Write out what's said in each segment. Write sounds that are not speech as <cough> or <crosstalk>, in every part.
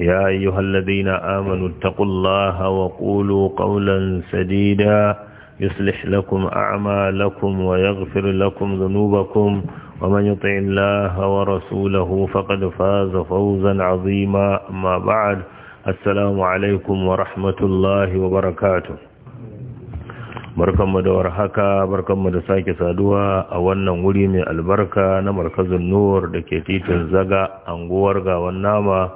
يا أيها الذين آمنوا اتقوا الله وقولوا قولا سديدا يصلح لكم أعمالكم ويغفر لكم ذنوبكم ومن يطع الله ورسوله فقد فاز فوزا عظيما أما بعد السلام عليكم ورحمة الله وبركاته barkanmu da warhaka barkanmu da sake saduwa a wannan wuri mai albarka na markazin nur da ke titin zaga anguwar gawan nama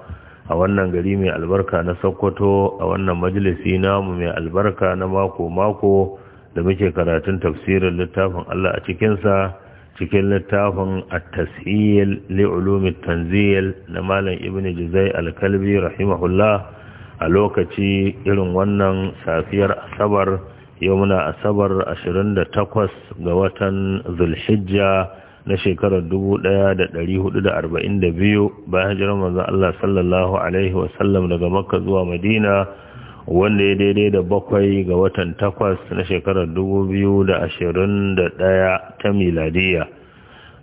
a wannan gari mai albarka na sokoto a wannan majalisi namu mai albarka na mako-mako da muke karatun tafsirin littafin Allah a cikinsa cikin littafin a tasiyyar li'ulumin tanziyar na malam ibn jizai alkalbi rahimahullah a lokaci irin wannan safiyar asabar yau muna asabar 28 ga watan zulhijja na shekarar 1442 bayan hijirar manzan Allah sallallahu alaihi wasallam daga Makka zuwa Madina wanda ya daidai da bakwai ga watan takwas na shekarar da ashirin ɗaya ta miladiya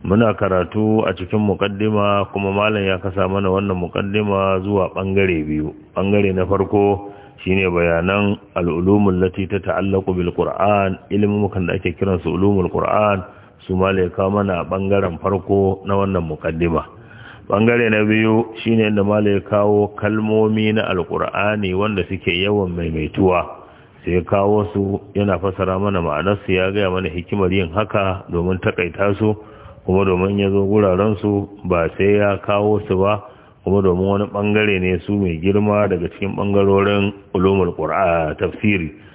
muna karatu a cikin mukaddima kuma malam ya kasa mana wannan mukaddima zuwa bangare biyu bangare na farko shine bayanan al'ulumin lati ta ta'allaku bil qur'an mukan da ake kiransu ulumul qur'an su kawo mana a ɓangaren farko na wannan mukaddima ɓangare na biyu shine yadda ya kawo kalmomi na alkur'ani wanda suke yawan maimaituwa sai ya kawo su yana fasara mana ma'anarsu ya gaya mana hikimar yin haka domin takaita su kuma domin ya zo wuraren su ba sai ya kawo su ba kuma domin wani bangare ne su mai girma daga cikin bangarorin ulumul qur'a tafsiri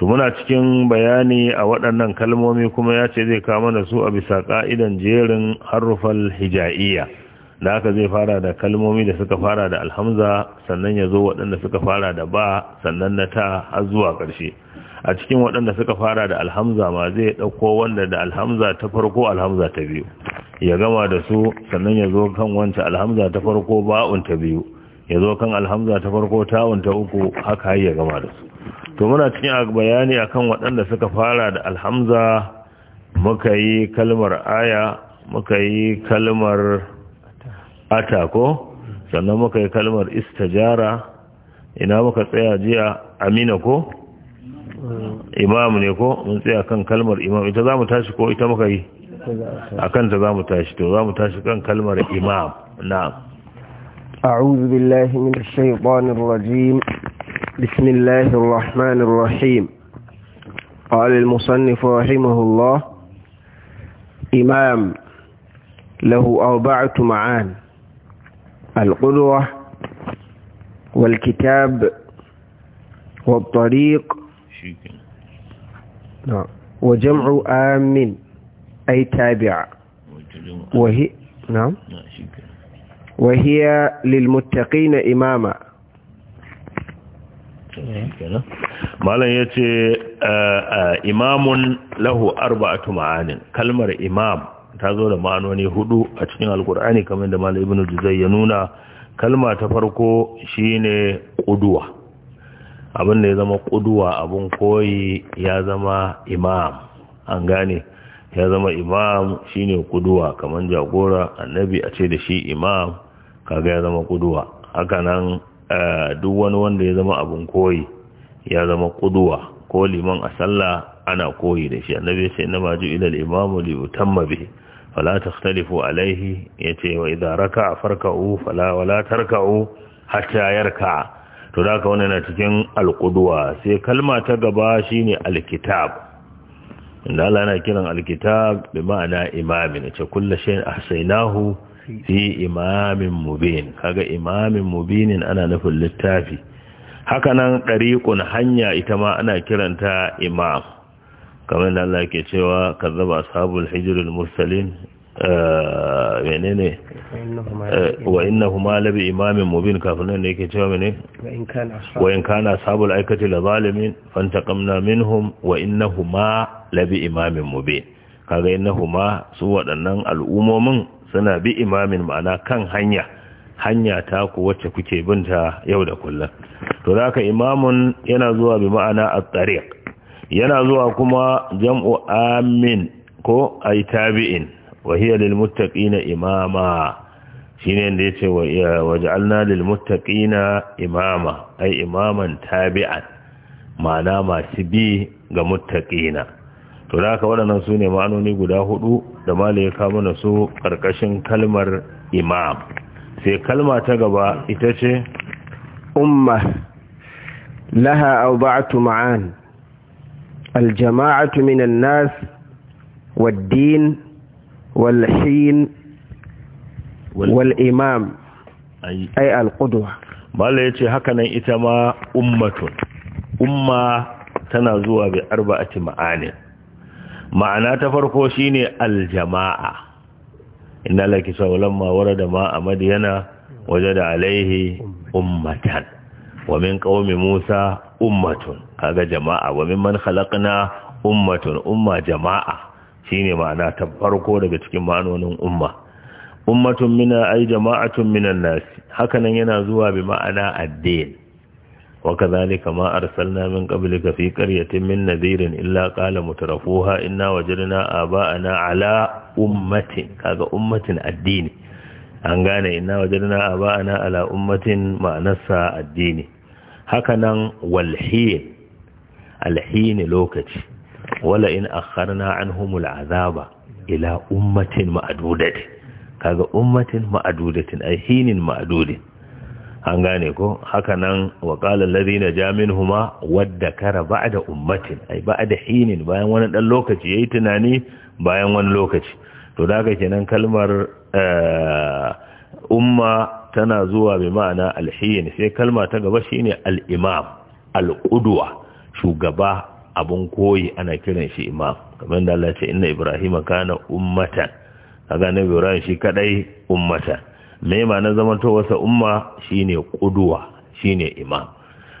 to muna cikin bayani a waɗannan kalmomi kuma ya ce zai kama da su a bisa ƙa'idan jerin harufal hija'iyya da haka zai fara da kalmomi da suka fara da alhamza sannan ya zo waɗanda suka fara da ba sannan na ta har zuwa ƙarshe a cikin waɗanda suka fara da alhamza ma zai ɗauko wanda da alhamza ta farko alhamza ta biyu ya gama da su sannan ya zo kan wancan alhamza ta farko ba'un ta biyu ya zo kan alhamza ta farko ta'un ta uku haka ya gama da su to muna cikin bayani akan waɗanda suka fara da alhamza muka yi kalmar aya muka yi kalmar atako sannan muka yi kalmar istajara ina muka tsaya jiya amina ko imam ne ko mun tsaya kan kalmar imam ita za mu tashi ko ita muka yi a kanta za mu tashi to za mu tashi kan kalmar imam na أعوذ بالله من الشيطان الرجيم بسم الله الرحمن الرحيم قال المصنف رحمه الله إمام له أربعة معان القدوة والكتاب والطريق وجمع آمن أي تابع وهي نعم وهي للمتقين إماما malam ya ce imamun lahu arba'atu ma'anin kalmar imam ta zo da ma'anoni hudu a cikin alkur'ani kamar da malam ibn juzai ya nuna kalma ta farko shine kuduwa abin da ya zama kuduwa abin koyi ya zama imam an gane ya zama imam shine kuduwa kamar jagora annabi a ce da shi imam kaga ya zama kuduwa haka nan Eh, duk wani wanda ya zama abin koyi ya zama kuduwa ko liman a sallah ana koyi da shi annabi sai na maju ilal imamu li utamma bi fala takhtalifu alaihi yace wa idza raka'a farka'u fala wala tarka'u hatta yarka to da ka wannan na cikin alquduwa sai kalma ta gaba shine alkitab inda Allah yana kiran alkitab bi ma'ana imamin ce kullu shay'in ahsaynahu fi imamin mubin kaga imamin mubinin ana nufin littafi hakanan ɗariƙun hanya ita ma ana kiranta imam kamar da Allah ke cewa kazzaba ashabul hijrul mursalin eh, menene eh, wa innahuma labi imamin mubin kafin nan ne yake cewa mene wa in kana ashabul aikati la zalimin fantaqamna minhum wa innahuma labi imamin mubin kaga innahuma su waɗannan al'umomin suna bi imamin ma'ana kan hanya hanya ta ku wacce kuke binta yau da kullum to zaka imamun yana zuwa bi ma'ana at-tariq yana zuwa kuma jam'u amin ko ay tabi'in wa hiya lil muttaqina imama shine da yace wa waj'alna lil muttaqina imama ay imaman tabi'an ma'ana masu bi ga muttaqina to zaka waɗannan sune ma'anoni guda hudu da mala ya kama na su ƙarƙashin kalmar imam sai kalma ta gaba ita ce umma laha arba'atu ma'an aljama'atu minan nas wal-hin wal'imam imam ay al-qudwa bala ya ce hakanan ita ma ummatun umma tana zuwa bi arba'ati ma'anin ma'ana ta farko shine aljama'a inna laki da ma warada ma a madiyana wajada alaihi ummatan wa min qaumi musa ummatun kaga jama'a wa man khalaqna ummatun umma jama'a shine ma'ana ta farko daga cikin ma'anonin umma ummatun mina ay jama'atun minan nas hakanan yana zuwa bi ma'ana addin وكذلك ما أرسلنا من قبلك في قرية من نذير إلا قال مترفوها إنا وجدنا آباءنا على أمة هذا أمة الدين أنقان إنا وجدنا آباءنا على أمة ما نسى الدين هكذا والحين الحين لوكت ولئن أخرنا عنهم العذاب إلى أمة مأدودة كذا أمة مأدودة أي حين مأدودة an gane ko haka nan wa qala alladhina jamin huma wadda kara da ummatin ai da hinin bayan wani dan lokaci yayi tunani bayan wani lokaci to daga kenan kalmar eh, umma tana zuwa bi ma'ana alhiyin sai kalma ta gaba shine al-imam al shugaba abun koyi ana kiran shi imam kamar da Allah ya ce inna ibrahima kana ummatan kaga nabi ibrahim shi kadai ummatan mai na wasa umma shine kuduwa shine imam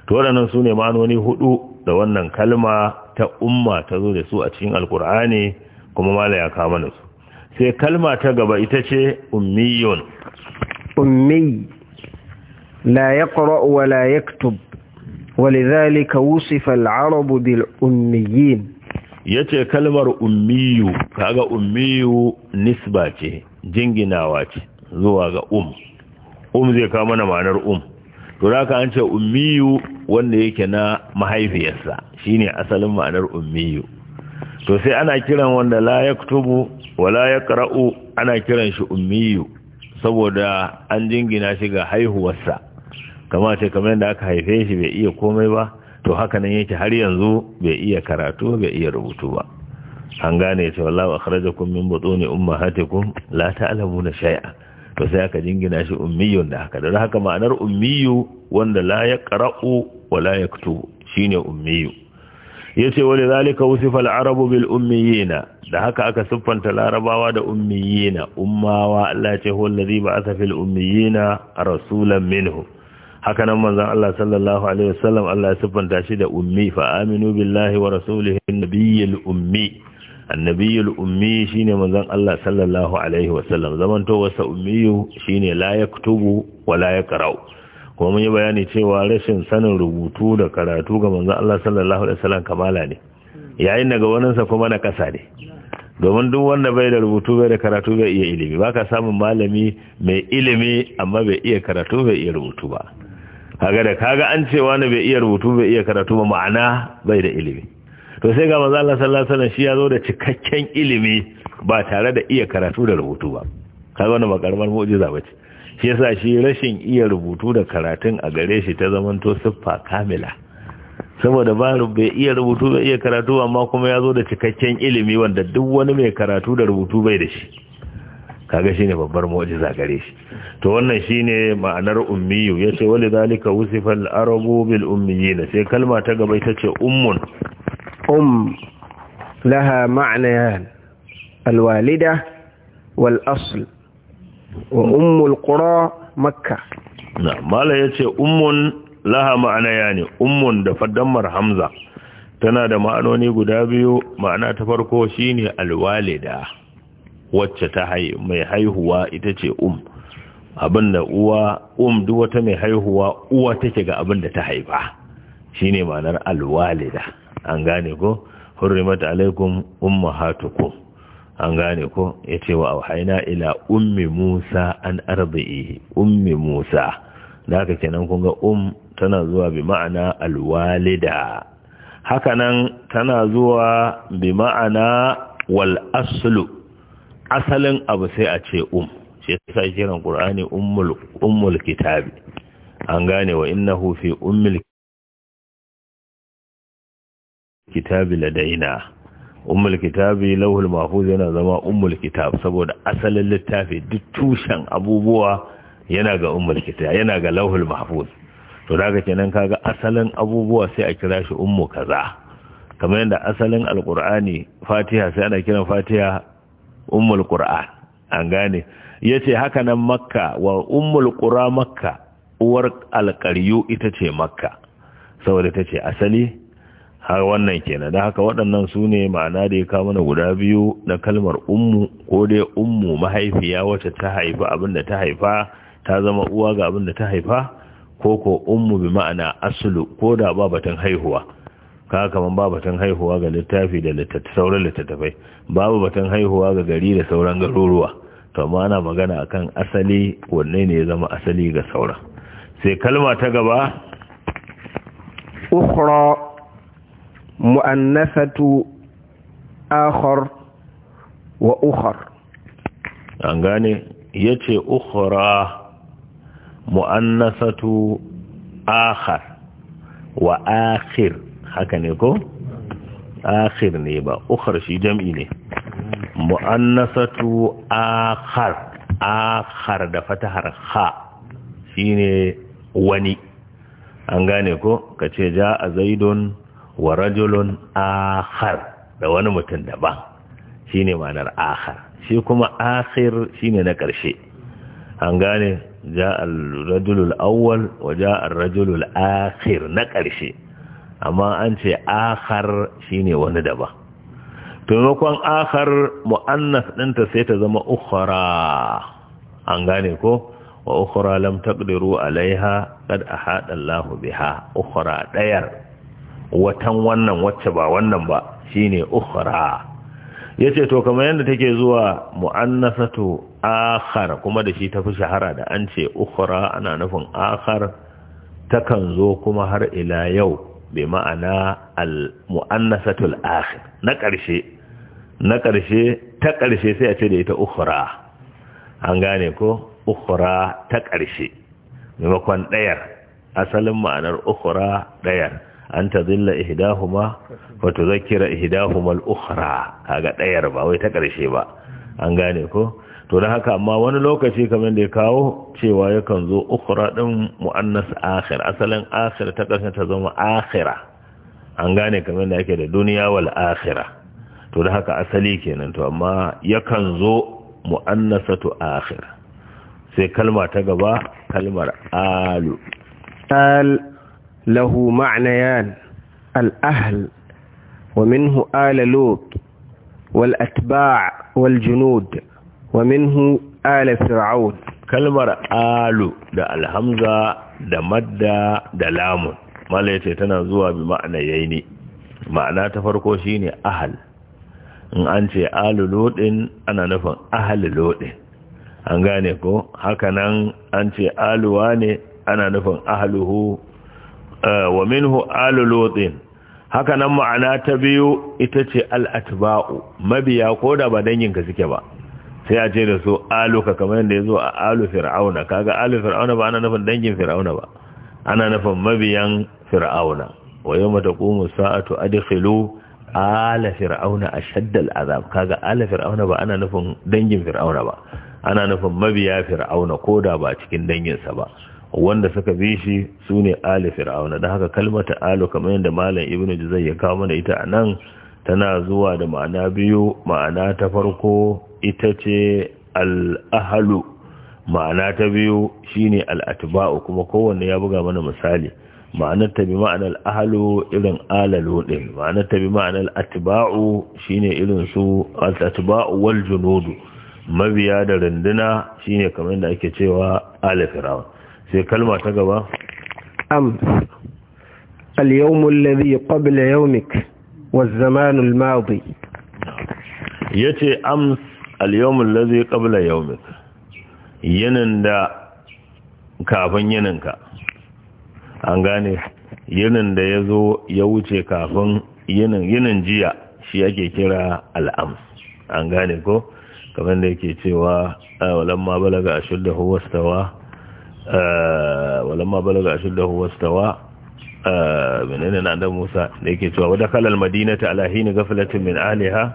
to waɗannan su ne manoni hudu da wannan kalma ta umma ta zo da su a cikin alkur'ani kuma mala ya kama da su sai kalma ta gaba ita ce ummiyun ummi la yaqra wa la yaktub ولذلك وصف العرب بالأميين yace kalmar ummiyu kaga ummiyu nisba ce jinginawa ce zuwa ga um um zai kawo mana ma'anar um to aka an ce ummiyu wanda yake na mahaifiyarsa shine asalin ma'anar ummiyu to sai ana kiran wanda la yaktubu wala yaqra'u ana kiran shi ummiyu saboda an jingina shi ga haihuwarsa kamar ce kamar yadda aka haife shi bai iya komai ba to haka nan yake har yanzu bai iya karatu bai iya rubutu ba an gane ce wallahu akhrajakum min butuni ummahatikum la ta'lamuna shay'a to sai aka jingina shi ummiyun da haka da haka ma'anar ummiyu wanda la ya wa la shine ummiyu yace wani zalika usifa arabu bil ummiyina da haka aka siffanta larabawa da ummiyina ummawa Allah ce huwa allazi ba'atha fil ummiyina rasulan minhum haka nan manzon Allah sallallahu alaihi wasallam Allah ya siffanta shi da ummi fa aminu billahi wa rasulihi nabiyil ummi annabiyul ummi shine manzon Allah sallallahu alaihi wasallam zaman to wasa ummiyu shine la yaktubu wa la ra'u kuma mun yi bayani cewa rashin sanin rubutu da karatu ga manzon Allah sallallahu alaihi wasallam kamala ne yayin daga wannan sa kuma na kasa ne domin duk wanda bai da rubutu bai da karatu bai iya ilimi ba ka samun malami mai ilimi amma bai iya karatu bai iya rubutu ba kaga da kaga an cewa ne bai iya rubutu bai iya karatu ba ma'ana bai da ilimi to sai ga manzo Allah sallallahu alaihi wasallam shi ya da cikakken ilimi ba tare da iya karatu da rubutu ba kaga wannan ba karamar mu'jiza bace shi yasa shi rashin iya rubutu da karatun a gare shi ta zamanto siffa kamila saboda ba bai iya rubutu bai iya karatu amma kuma ya zo da cikakken ilimi wanda duk wani mai karatu da rubutu bai da shi kaga shine babbar mu'jiza gare shi to wannan shine ma'anar ummiyu yace wali zalika wusifa al-arabu bil ummiyina sai kalma ta gaba ita ce ummun أم لها معنيان الوالدة والأصل وأم القرى مكة نعم ما لا ya ne ummun da faddammar hamza tana da ma'anoni guda biyu ma'ana ta farko shine alwalida wacce mai haihuwa ita ce um. um duk wata mai haihuwa uwa take ga abin da ta haifa shine ma'anar alwalida an gane ko hurrimat alaikum ummahatukum an gane ko yace wa auhayna ila ummi Musa an ardihi ummi Musa daga kenan kun ga um tana zuwa bi ma'ana alwalida haka nan tana zuwa bi ma'ana wal aslu asalin abu sai a ce um shi yasa kiran qur'ani ummul ummul kitabi an gane wa innahu fi ummul kitabi ladaina ummul kitabi lauhul mahfuz yana zama ummul kitab saboda asalin littafi duk tushen abubuwa yana ga ummul kitab yana ga lauhul mahfuz to daga kenan kaga asalin abubuwa sai a kira shi ummu kaza kamar yadda asalin alqur'ani fatiha sai ana kiran fatiha ummul qur'an an gane yace haka nan makka wa ummul qura makka uwar alqaryu ita ce makka saboda tace asali har wannan kenan da haka waɗannan su ne ma'ana da ya kawo mana guda biyu na kalmar ummu ko dai ummu mahaifiya wacce ta haifa abin da ta haifa ta zama uwa ga abin da ta haifa ko ko ummu bi ma'ana asulu ko da ba batun haihuwa ka kaman ba batun haihuwa ga littafi da sauran littattafai babu batun haihuwa ga gari da sauran garuruwa to amma ana magana akan asali wanne ne ya zama asali ga sauran sai kalma ta gaba ukhra mu'annasatu akhar wa ukhar an gane yace ukhra mu'annasatu akhar wa akhir haka ne ko akhir ne ba ukhar shi jam'i ne mu'annasatu akhar akhar da fatahar kha shine wani an gane ko kace ja a zaidun wa rajulun akhar da wani mutum daban shine ma'anar akhar shi kuma akhir shine na ƙarshe an gane ja rajulul awwal wa rajulul akhir na ƙarshe amma an ce akhar shine wani daban taimakon akhar mu'annas ɗinta sai ta zama ukhra an gane ko wa ukhra lam taqdiru alaiha qad ahada Allah biha ukhra dayar watan wannan wacce ba wannan ba shine ukhra yace to kamar yanda take zuwa muannasatu akhar kuma da shi ta fi shahara da an ce ukhra ana nufin akhar takan zo kuma har ila yau bi ma'ana al muannasatul akhir na ƙarshe na ƙarshe ta ƙarshe sai a ce da ita ukhra an gane ko ukhra ta ƙarshe maimakon ɗayar asalin ma'anar ukhra ɗayar an ta zilla ihidahuma wa tuzakkira ihdahuma al-ukhra kaga dayar ba wai ta karshe ba an gane ko to dan haka amma wani lokaci kamar da ya kawo cewa yakan zo ukhra din muannas akhir asalin akhir ta karshe ta zama akhira an gane kamar da yake da duniya wal akhira to da haka asali kenan to amma yakan zo muannasatu akhir sai kalma ta gaba kalmar alu al له معنيان الأهل ومنه آل لوط والأتباع والجنود ومنه آل فرعون kalmar alu da alhamza da madda da lamun mala tana zuwa bi ma'ana yayi ma'ana ta farko shine ahal in an ce alu lodin ana nufin ahal lodin an gane ko haka nan an ce aluwa ne ana nufin ahaluhu Eh, wa minhu alu lutin haka nan ma'ana ta biyu ita ce atba'u mabiya ko da ba danginka suke ba sai a ce da su ka kamar yadda ya zo a alu fir'auna kaga alu fir'auna ba ana nufin dangin fir'auna ba ana nufin mabiyan fir'auna wa yau mata ƙumu sa'atu adikhilu ala fir'auna a shaddal azab kaga ala fir'auna ba ana nufin dangin fir'auna ba ana nufin mabiya fir'auna ko da ba cikin danginsa ba wanda suka bi shi su ne ali fir'auna da haka kalmata alu kamar yadda malam ibnu juzai ya kawo mana ita anan tana zuwa da ma'ana biyu ma'ana ta farko ita ce al'ahalu ma'ana ta biyu shine al'atba'u kuma kowanne ya buga mana misali ma'anar ta bi ma'anar ahalu irin alalu din ma'anar ta bi ma'anar atba'u shine irin su al'atibau wal junudu mabiya da runduna shine kamar yadda ake cewa ala sai kalma ta gaba am اليوم الذي قبل يومك والزمان madi yace ams al-yawm allazi qabla yawmik yinin da kafin yininka an gane yinin da yazo ya wuce kafin yinin yinin jiya shi yake kira al-ams an gane ko kamar da yake cewa walamma balaga ashuddahu wastawa walamma balaga ashuddahu wastawa menene na Musa da yake cewa wadakhala almadinata ala hin gaflati min aliha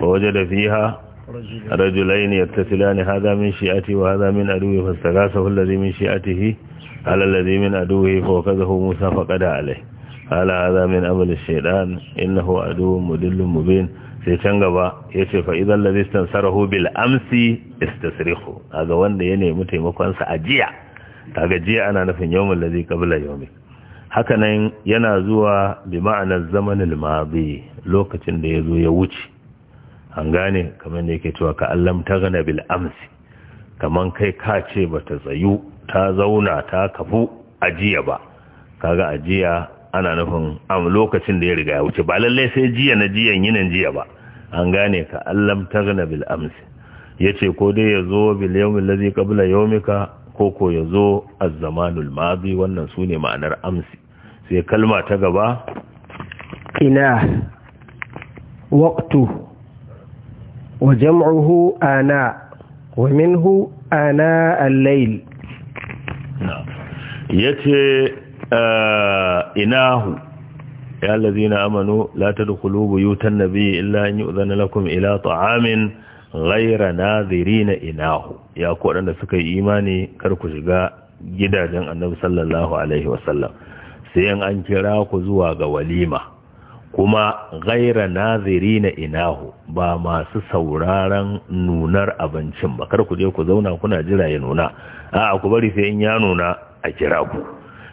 wa wajada fiha رجلين يتصلان هذا من وهذا من فاستغاثه الذي من على الذي من موسى فقد عليه قال هذا من أمل الشيطان إنه مدل مبين sai can gaba ya ce fa'izan lazistan sarahu bil amsi istasrihu a wanda ya nemi taimakonsa a kaga jiya ana nufin yawmul ladhi qabla yawmik haka nan yana zuwa bi ma'anar zamanin madi lokacin da ya zo ya wuce an gane kamar da yake cewa ka allam ta gana bil amsi kamar kai ka ce ba ta tsayu ta zauna ta kafu ajiya ba kaga ajiya ana nufin am lokacin da ya riga ya wuce ba lallai sai jiya na jiyan yinan jiya ba an gane ka allam ta bil amsi ya ce ko dai ya zo bil yawmin lazi qabla yawmika ko ya zo azzamanul mazi wannan su ne ma'anar amsi sai kalma ta gaba ina waqtu wa jam'uhu ana wa minhu ana al-layl yace ah, inahu ya allazina amanu la tadkhulu buyutan nabiyyi illa an yu'zana lakum ila ta'amin ghaira na inahu ya ku waɗanda suka yi imani kar ku shiga gidajen annabi sallallahu alaihi wasallam sai an kira ku zuwa ga walima kuma ghaira na inahu ba masu sauraron nunar abincin ba kar ku je ku zauna kuna jira ya nuna a'a ku bari sai in ya nuna a kira ku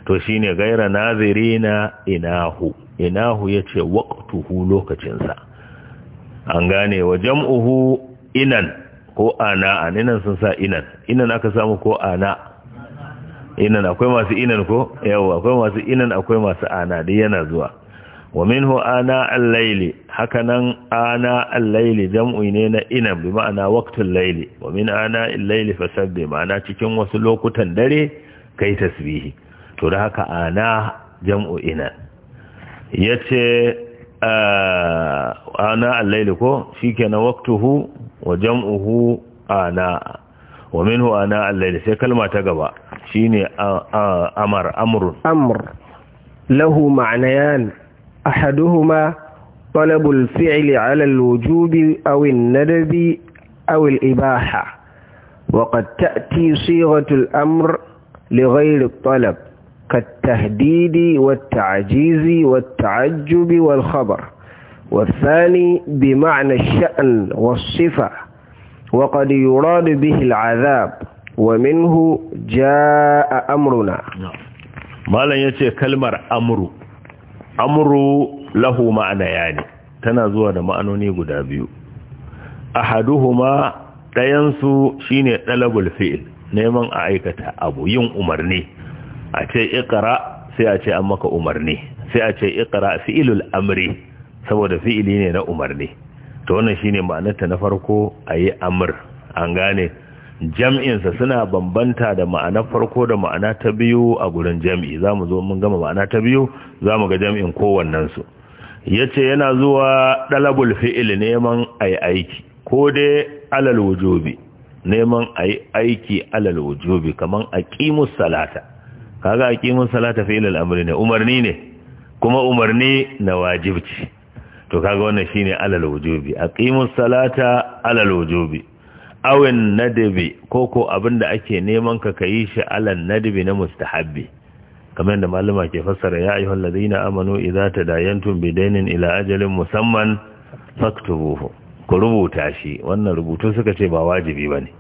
to shine ghaira nazirina inahu inahu yace waqtuhu lokacinsa an gane wa jam'uhu inan ko ana'an inan sun sa inan inan aka samu ko ana inan akwai masu inan ko yawa akwai masu inan akwai masu ana dai yana zuwa wa minhu ana al-layli hakanan ana al-layli jam'i ne na inan bi ma'ana waqtul layli wa min ana al-layli fasabbi ma'ana cikin wasu lokutan dare kai tasbihi to da haka ana jam'u inan yace ah, ana al-layli ko shikenan waqtuhu وجمعه آناء ومنه آناء الليل سي كلمة layl شيني أمر أمر أمر له معنيان أحدهما طلب الفعل على الوجوب أو الندب أو الإباحة وقد تأتي صيغة الأمر لغير الطلب كالتهديد والتعجيز والتعجب والخبر Wasani bi والثاني بمعنى الشأن والصفة وقد يراد به العذاب ومنه جاء amruna. malam ya ce kalmar Amru Amru lahu ma'ana yani tana zuwa da ma'anoni guda biyu ahaduhuma ɗayansu shine ɗalabul fi'il neman a aikata abu yin umarni a ce ikra sai a ce an maka umarni sai a ce ikra fi'ilul amri saboda fi'ili ne na umarni to wannan shine ma'anarta na farko ayi amr an gane jam'insa suna bambanta da ma'anar farko da ma'ana ta biyu a gurin jam'i zamu zo mun gama ma'ana ta biyu zamu ga jam'in kowannensu su yace yana zuwa dalabul fi'il neman a yi aiki ko dai alal wujubi neman a aiki alal wujubi kamar a salata kaga a salata fi'il al'amuri ne umarni ne kuma umarni na wajibci to kaga wannan shine alal wujubi aqimus salata alal wujubi awin nadabi koko abinda ake neman ka kayi shi alal nadabi na mustahabbi kamar da malama ke fassara ya ayyuhal ladina amanu idza tadayantum bidainin ila ajalin musamman faktubuhu ku rubuta shi wannan rubutu suka ce ba wajibi bane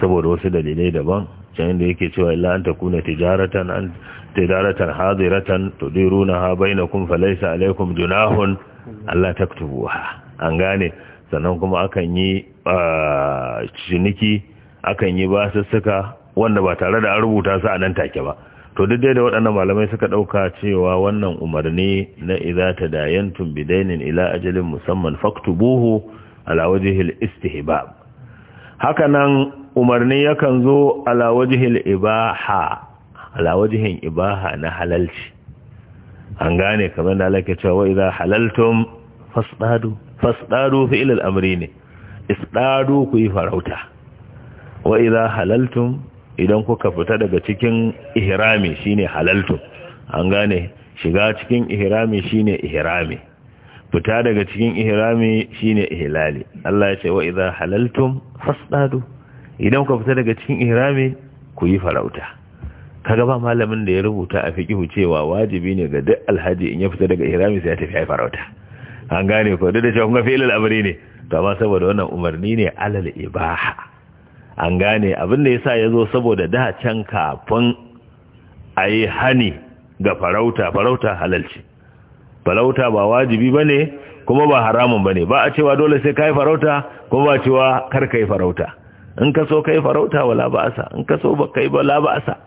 saboda wasu dalilai daban can da yake cewa illa an takuna tijaratan an tijaratan hadiratan tudiruna ha bainakum falaysa alaykum junahun Allah taktubuha an gane sannan kuma akan yi ciniki akan yi basussuka wanda ba tare da an rubuta su a nan take ba to duk da waɗannan malamai suka ɗauka cewa wannan umarni na idza tadayantum bidainin ila ajalin musamman faktubuhu ala istihbab haka nan umarni yakan zo ala ibaha ala ibaha na halalci an gane kamar da alaƙa cewa wa idza halaltum fasdadu fasdadu fi amri ne isdadu ku yi farauta wa idza halaltum idan kuka fita daga cikin ihrami shine halaltum an gane shiga cikin ihrami shine Ihirami. fita daga cikin ihrami shine ihlali Allah ya ce wa idza halaltum fasdadu idan kuka fita daga cikin Ihirami ku yi farauta kaga ba malamin da ya rubuta a fiqihu cewa wajibi ne ga duk alhaji in ya fita daga ihrami sai ya tafi ai farauta an gane ko duk da cewa kun ga fi'il amri ne to amma saboda wannan umarni ne alal ibaha an gane abin da yasa yazo saboda da can kafin ayi hani ga farauta farauta halalci farauta ba wajibi bane kuma ba haramun bane ba a cewa dole sai kai farauta kuma ba cewa kar kai farauta in ka so kai farauta wala ba asa in ka so ba kai ba la asa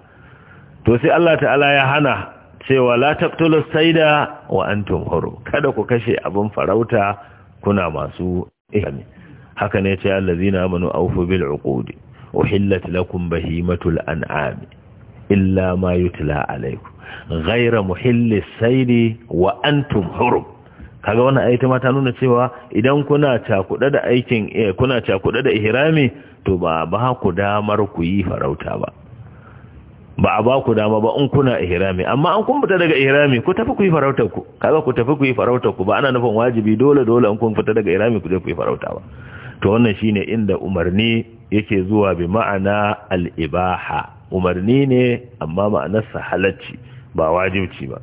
to sai Allah ta'ala ya hana cewa la taqtulu sayda wa antum kada ku kashe abin farauta kuna masu ihami haka ne ce allazina amanu awfu bil uqudi uhillat lakum bahimatul an'am illa ma yutla alaykum ghayra muhillis saydi wa antum hurum kaga wannan ayata ma ta nuna cewa idan kuna cakuɗa da aikin eh, kuna cakuɗa da ihrami to ba ba ku damar ku yi farauta ba ba a ba ku dama ba in kuna ihrami amma an kun fita daga ihrami ku tafi ku yi farautar ku kaza ku tafi ku yi farautar ku ba ana nufin wajibi dole dole in kun fita daga ihrami ku je ku yi farauta ba to wannan shine inda umarni yake zuwa bi ma'ana al-ibaha umarni ne amma sa halacci ba wajibci ba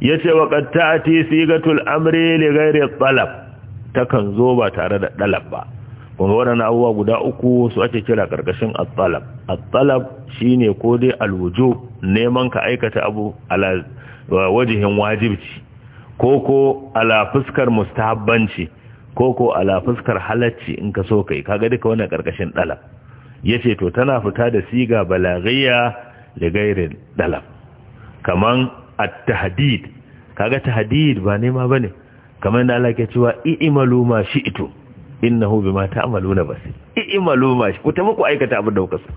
yace wa qad ta'ti sigatul amri li ghairi talab takan zo ba tare da dalab ba kuma waɗannan abubuwa guda uku su ake kira ƙarƙashin at-talab at-talab shine ko dai al-wujub neman ka aikata abu ala wajihin wajibci ko ko ala fuskar mustahabbanci ko ko ala fuskar halacci in ka so kai kaga duka wannan ƙarƙashin dalab yace to tana fita da siga balaghiya da gairin dalab kaman at-tahdid kaga tahdid ba nema bane kaman da Allah ke cewa i'malu ma shi'tum innahu bima ta'maluna basir i'malu ma ku ta muku aikata abin da kuka so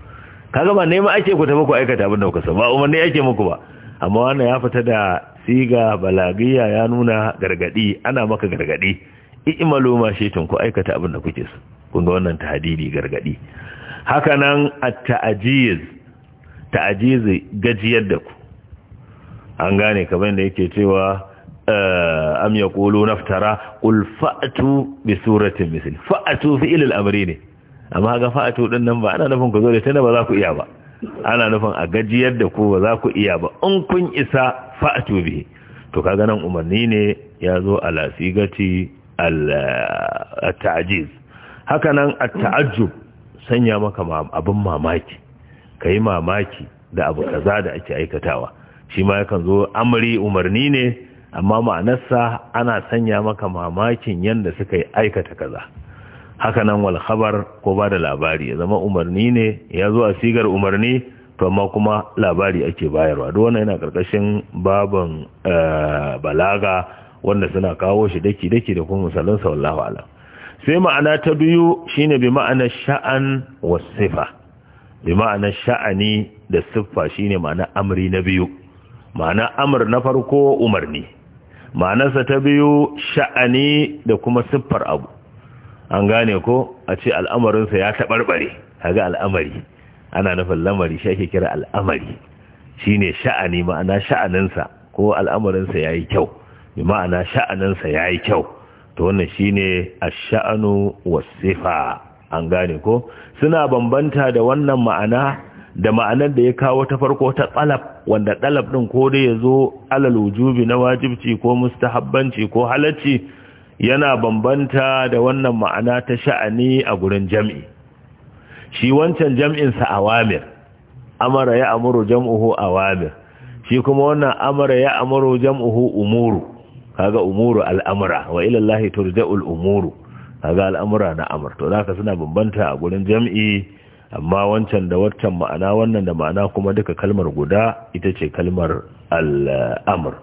kaga ba nema ake ku ta muku aikata abin da kuka so ba umarni ake muku ba amma wannan ya fita da siga balagiya ya nuna gargadi ana maka gargadi i'malu ma tun ku aikata abin da kuke so kun ga wannan tahdidi gargadi haka nan at-ta'jiz ta'jiz gajiyar da ku an gane kamar da yake cewa am yaqulu naftara qul fa'tu bi suratin misl fa'tu fi ilil amri ne amma ga fa'tu din nan ba ana nufin ku zo da tana ba za ku iya ba ana nufin a gajiyar da ku ba za ku iya ba in kun isa fa'tu bi to kaga nan umarni ne ya zo a lasigati al-ta'jiz haka nan at-ta'ajjub sanya maka abin mamaki kai mamaki da abu kaza da ake aikatawa shi ma yakan zo amri umarni ne amma ma'anarsa ana sanya maka mamakin yadda suka yi aikata kaza haka nan wal ko ba da labari ya zama umarni ne ya zo a sigar umarni to amma kuma labari ake bayarwa duk wannan yana karkashin baban eh, balaga wanda suna kawo shi daki daki da kuma misalan sallallahu alaihi sai ma'ana ta biyu shine bi ma'ana sha'an was sifa bi ma'ana sha'ani da siffa shine ma'ana amri na biyu ma'ana amr na farko umarni ma'anarsa ta biyu sha'ani da kuma siffar abu an gane ko a ce al'amarinsa ya taɓarɓare haga al'amari ana nufin lamari shi ake kira al'amari shi ne sha'ani ma'ana sha'aninsa ko al'amarinsa ya yi kyau mai ma'ana sha'aninsa ya yi kyau to wannan shi ne a sha'anu wasifa an gane ko suna bambanta da wannan ma'ana da ma'anar da ya kawo ta farko ta tsalab wanda ɗalab ɗin ko dai ya zo alal wujubi na wajibci ko mustahabbanci ko halacci yana bambanta da wannan ma'ana ta sha'ani a gurin jam'i shi wancan sa awamir amara ya amuru jam'uhu awamir shi kuma wannan amara ya amuru jam'uhu umuru kaga umuru al'amura wa ilallahi turja'ul umuru kaga al'amura na amr to zaka suna bambanta a gurin jam'i amma wancan da waccan ma'ana wannan da ma'ana kuma duka kalmar guda ita ce kalmar al'amur.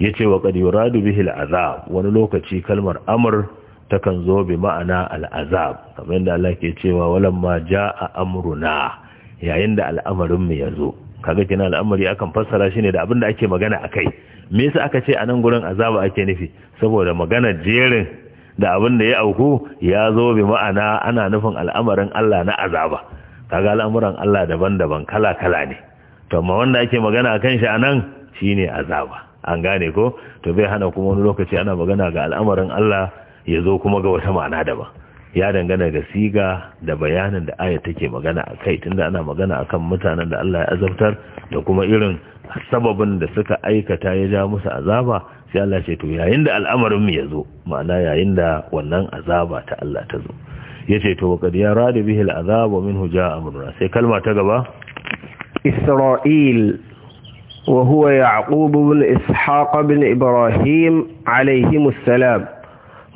ya ce wa ƙadi radu bihi al'azab wani lokaci kalmar amur takan zo bi ma'ana al'azab kamar yadda Allah ke cewa "Walan ma ja a amruna yayin da al'amarin mu ya zo kaga kina al'amari akan fassara shi ne da abin da ake magana akai me yasa aka ce a nan gurin azaba ake nufi saboda magana jerin da abin da ya auku ya zo bi ma'ana ana nufin al'amarin Allah na azaba kaga al'amuran Allah daban-daban kala-kala ne to amma wanda ake magana kan shi anan shine azaba an gane ko to bai hana kuma wani lokaci ana magana ga al'amarin Allah ya zo kuma ga wata ma'ana daban ya dangana ga siga da bayanin da aya take magana a kai tunda ana magana akan mutanen da Allah ya azabtar da kuma irin sababin da suka aikata ya ja musu azaba sai Allah ce to yayin da al'amarin mu ya zo ma'ana yayin da wannan azaba ta Allah ta zo ce to ya rada bihi al'azab wa minhu a murna. sai kalma ta gaba isra'il wa huwa bin ishaq bin ibrahim alayhim assalam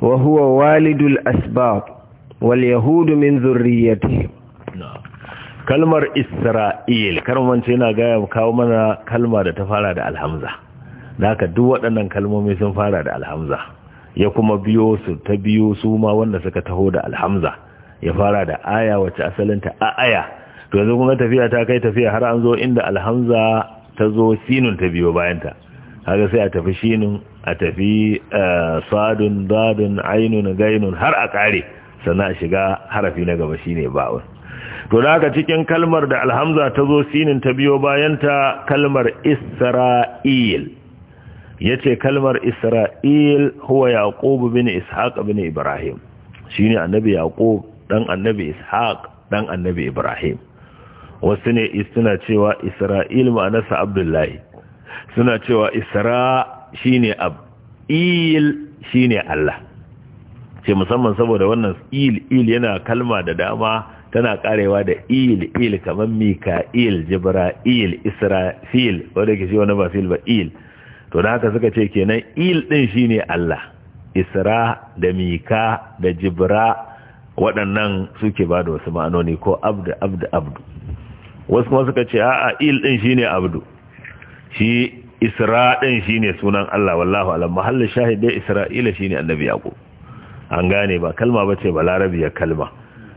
wa huwa walidul asbab wal yahud min dhurriyyatihi kalmar isra'il karmance yana gaya kawo mana kalma da ta fara da alhamza da haka duk waɗannan kalmomi sun fara da alhamza ya kuma biyo su ta biyo su ma wanda suka taho da alhamza ya fara da aya wacce asalinta a aya to yanzu kuma tafiya ta kai tafiya har an zo inda alhamza ta zo sinun ta biyo bayanta haka sai a tafi shinun a tafi eh, sadun dadun ainun gainun har a kare sannan a shiga harafi na gaba shine ba'un to da haka cikin kalmar da alhamza ta zo sinin ta biyo bayanta kalmar isra'il Ya ce kalmar Isra'il huwa Yaqub bin Ishaq bin Ibrahim shi ne annabi Yaqub ɗan annabi Ishaq ɗan annabi Ibrahim wasu ne suna cewa Isra'il ma'anarsa Abdullahi suna cewa Isra shine Ab'il ne Allah ce musamman saboda wannan il il yana kalma da dama tana karewa da il il kamar Mika'il Jibra'il Israfil wadda ke shi wani ba fil ba il to da haka suka ce kenan il din shine Allah Isra da Mika da Jibra waɗannan suke ba da wasu ma'anoni ko abdu abdu abdu wasu kuma suka ce a'a il din shine abdu shi Isra din shine sunan Allah wallahu alam mahallin shahid dai Isra'ila shine annabi Yaqub an gane ba kalma bace ba ya kalma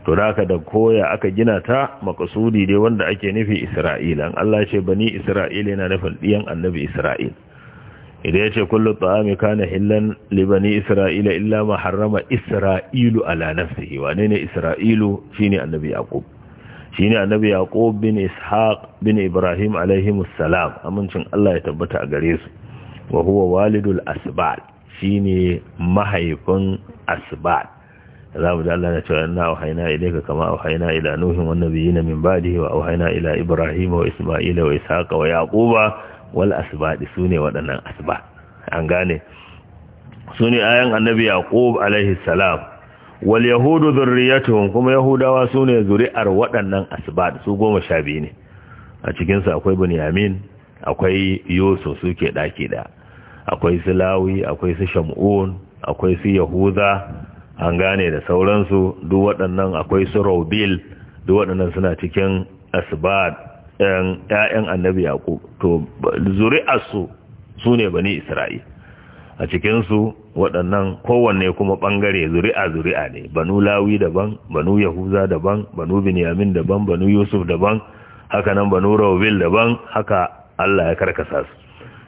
to da haka da koya aka gina ta makasudi dai wanda ake nufi isra'ila Allah ya ce bani isra'ila yana nufin ɗiyan annabi isra'ila idan ya ce kullum ta'ami kana hillan libani isra'ila illa ma harrama isra'ilu ala nafsihi wane ne isra'ilu shine annabi yaqub shine annabi yaqub bin ishaq bin ibrahim alaihi amincin Allah ya tabbata a gare su wa huwa walidul asbal shine mahaifin asbal mu da Allah ya na inna auhayna ilayka kama auhayna ila nuhin wan nabiyina min ba'dihi wa auhaina ila ibrahim wa isma'ila wa ishaqa wa yaquba wal asbadi sune wadannan waɗannan asba an gane sune ayan annabi yaqub alaihi salam wal yahudu dhurriyatuhum kuma yahudawa sune zuri'ar waɗannan asba su goma sha biyu ne a cikinsu akwai bunyamin akwai yusuf suke ɗaki da akwai Silawi. akwai su shamun akwai su yahuda an gane da sauransu duk waɗannan akwai su rawbil duk waɗannan suna cikin asbad ‘ya'yan annabi yaƙub to zuri'arsu su ne bani isra'il a cikinsu waɗannan kowanne kuma ɓangare zuri'a zuri'a ne banu lawi daban banu yahuza daban banu binyamin daban banu yusuf daban haka nan banu rawbil daban haka allah ya karkasa su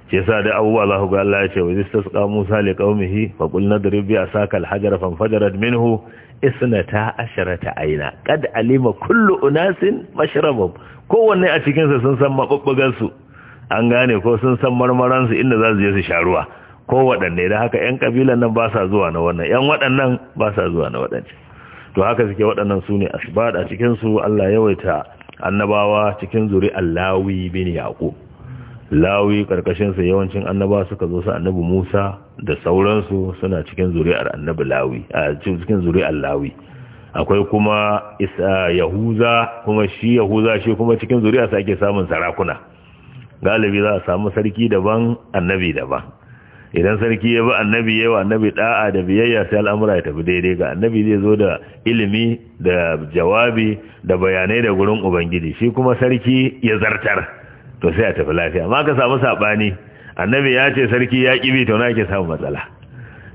shi yasa da abubuwa za ku ga Allah ya ce wa istasqa Musa le kaumihi fa qul nadrib bi asaka al-hajara fajarat minhu isnata asharata aina qad alima kullu unasin mashrabahum kowanne a cikin su sun san mabubbugan su an gane ko sun san marmaran su inda za su je su sharuwa ko waɗanne da haka yan kabilan nan ba sa zuwa na wannan yan waɗannan ba sa zuwa na waɗancan to haka suke waɗannan su ne asbad a cikin su Allah yawaita annabawa cikin zuri Allawi bin Yaqub lawi karkashinsa yawancin annaba suka zo su annabi musa da sauransu suna cikin zuri'ar annabi lawi a cikin zuri'ar lawi akwai kuma isa yahuza kuma shi yahuza shi kuma cikin sa ake samun sarakuna galibi za a samu sarki daban annabi daban idan sarki ya bi annabi yawa annabi da'a da biyayya sai al'amura ya tafi daidai ga annabi zai zo da ilimi da jawabi da bayanai da gurin ubangiji shi kuma sarki ya zartar to sai a tafi lafiya ma ka samu saɓani annabi ya ce sarki ya ƙibi ta wani ake samun matsala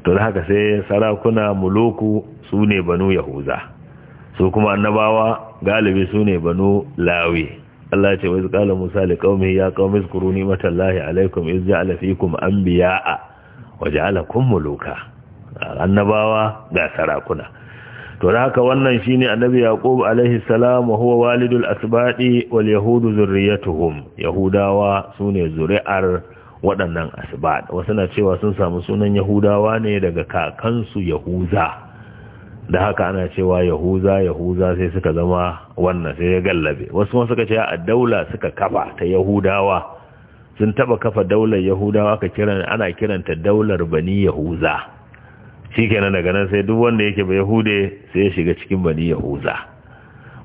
to da haka sai sarakuna muluku su ne banu yahuza su kuma annabawa galibi su ne banu lawi Allah ce wa izkala musa li qaumi ya qaumi zkuru ni'matallahi alaikum iz ja'ala fikum anbiya'a wa ja'alakum muluka annabawa ga sarakuna to da haka wannan shine annabi yaqub alaihi salam wa huwa walidul asbadi wal yahudu zurriyatuhum yahudawa sune zuri'ar waɗannan asbad wasu na cewa sun samu sunan yahudawa ne daga kakansu yahuza da haka ana cewa yahuza yahuza sai suka zama wannan sai ya gallabe wasu suka ce a daula suka kafa ta yahudawa sun taba kafa daular yahudawa ka kiran ana kiranta daular bani yahuza shikenan daga nan sai duk wanda yake ba yahude sai ya shiga cikin bani yahuza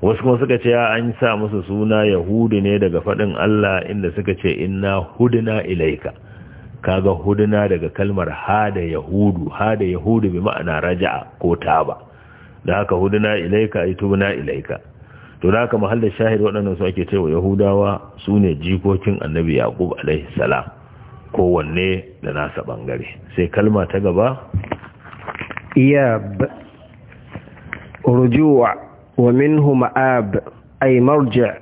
wasu kuma suka ce an sa musu suna Yahudi ne daga faɗin Allah inda suka ce inna hudna ilaika kaga hudna daga kalmar hada yahudu hada yahudu bi ma'ana raja'a ko taba da haka hudna ilaika aitubna ilaika to da haka mahalla shahid waɗannan su ake cewa yahudawa su ne jikokin annabi yaqub alaihi salam kowanne da nasa bangare sai kalma ta gaba إياب رجوع ومنه مآب أي مرجع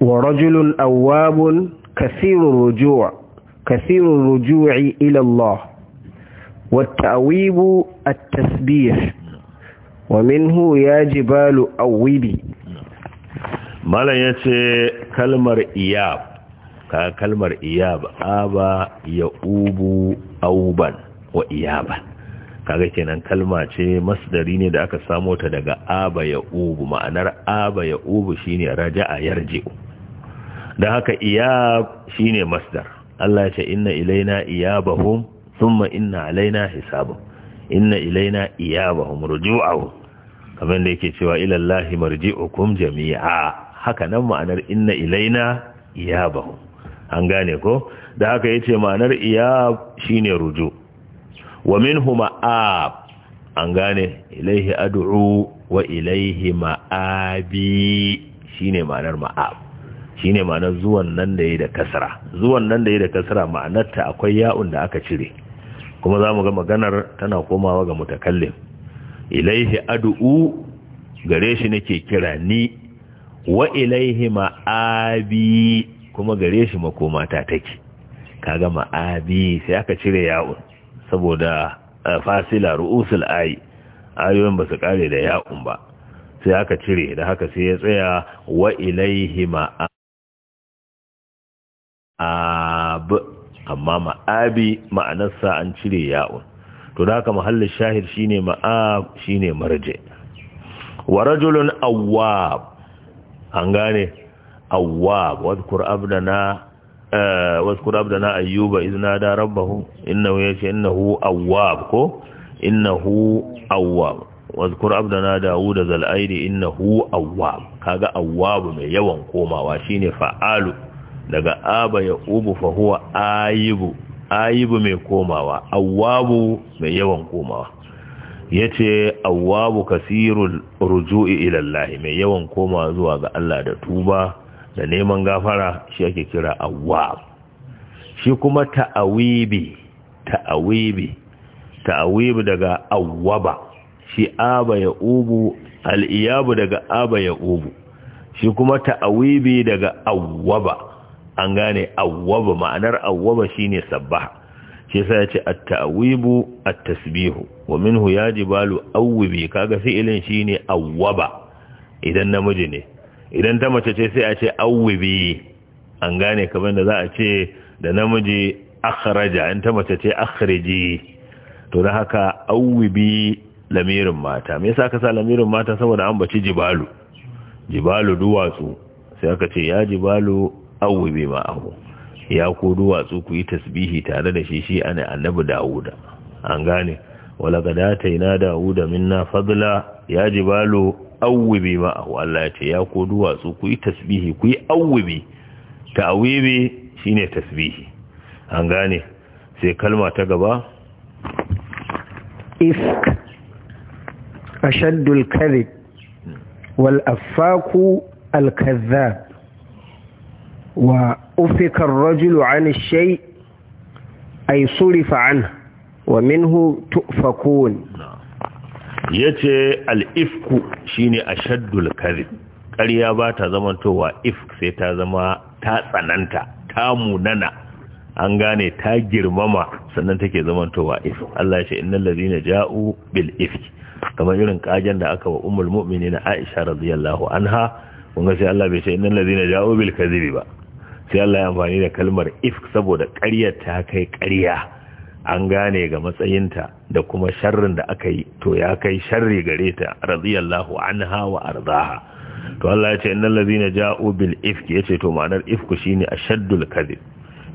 ورجل أواب كثير الرجوع كثير الرجوع إلى الله والتأويب التسبيح ومنه يا جبال أويبي لا يتي كلمة إياب كلمة إياب آبا يؤوب أوبا وإيابا kaga kenan kalma ce masdari ne da aka samo ta daga aba ya ubu ma'anar aba ya ubu shine raja'a yarji'u da haka iyab shine masdar Allah ya ce inna ilaina iyabahum thumma inna alaina hisabahum inna ilaina iyabahum ruju'u kamar da yake cewa ila Allah marji'ukum jami'a haka nan ma'anar inna ilaina iyabahum an gane ko da haka yace ma'anar iyab shine ruju' wa minhu ma'ab an gane ilaihi ad'u wa ilaihi ma'abi shine ma'anar ma'ab shine ma'anar zuwan nan da yayi da kasra zuwan nan da yayi da kasra ma'anarta akwai ya'un da aka cire kuma zamu ga maganar tana komawa ga mutakallim ilaihi adu'u gare shi nake kira ni wa ilaihi ma'abi kuma gare shi makomata take kaga ma'abi sai aka cire ya'un saboda eh, fasila ru'usul ayi ayoyin ba su kare da ya'un ba sai aka cire da haka sai ya tsaya wa ilaihi ma'ab amma ma'abi ma'anarsa an cire ya'un to da haka mahallin shahir shine ma'ab shine marje wa rajulun awwab an gane awwab wadkur abdana واذكر عبدنا ايوب اذ نادى ربه انه يشي إنه أواب كو انه اواب واذكر عبدنا داوود ذا الأيد انه اواب كاغا اواب من يوان كوما واشيني فعال دغا ابا يعوب فهو fa huwa ayibu ayibu اواب komawa يوان mai yace awwabu kasirul ruju'i ila Allah mai yawan komawa zuwa ga Allah da tuba da neman gafara shi ake kira awwab shi kuma ta'awibi ta'awibi ta'awibi daga awwaba shi aba ya ubu al'iyabu daga aba ya ubu shi kuma ta'awibi daga awwaba an gane awwaba ma'anar awwaba shine sabbaha shi sai ya ce at-ta'wibu at-tasbihu wa minhu yajibalu awwibi kaga fi'ilin shine awwaba idan namiji ne idan ta mace ce sai a ce awwibi an gane kamar da za a ce da namiji akhraja in ta mace ce akhriji to da haka awwibi lamirin mata me yasa ka sa lamirin mata saboda an bace jibalu jibalu duwatsu sai aka ce ya jibalu awwibi ma'ahu ya ku duwatsu ku yi tasbihi tare da shi shi ana annabi Dawuda an gane wala gadata ina Dawuda minna fadla ya jibalu awwibi ma'ahu Allah ya ce ya ko duwatsu ku yi tasbihi ku yi awwibi ta'awibi shine tasbihi an gane sai kalma ta gaba isk ashaddul kadhib wal afaku al kadhab wa ufika ar rajul 'an ash-shay' ay surifa 'anhu wa minhu tufakun yace al-ifku shine ashaddul kadhib ƙarya ba ta zamantowa ifk sai ta zama ta tsananta ta munana an gane ta girmama sannan take zamantowa ifk Allah ya ce innal ladina ja'u bil ifk kamar irin kajan da aka wa ummul na Aisha radiyallahu anha kun ga sai Allah bai ce innal ladina ja'u bil kadhibi ba sai Allah ya amfani da kalmar ifk saboda ƙaryar ta kai ƙarya an gane ga matsayinta da kuma sharrin da aka yi to ya kai sharri gare ta radiyallahu anha wa ardaha to Allah ya ce innal ladina ja'u bil ifki yace to ma'anar ifku shine ashaddul kadhib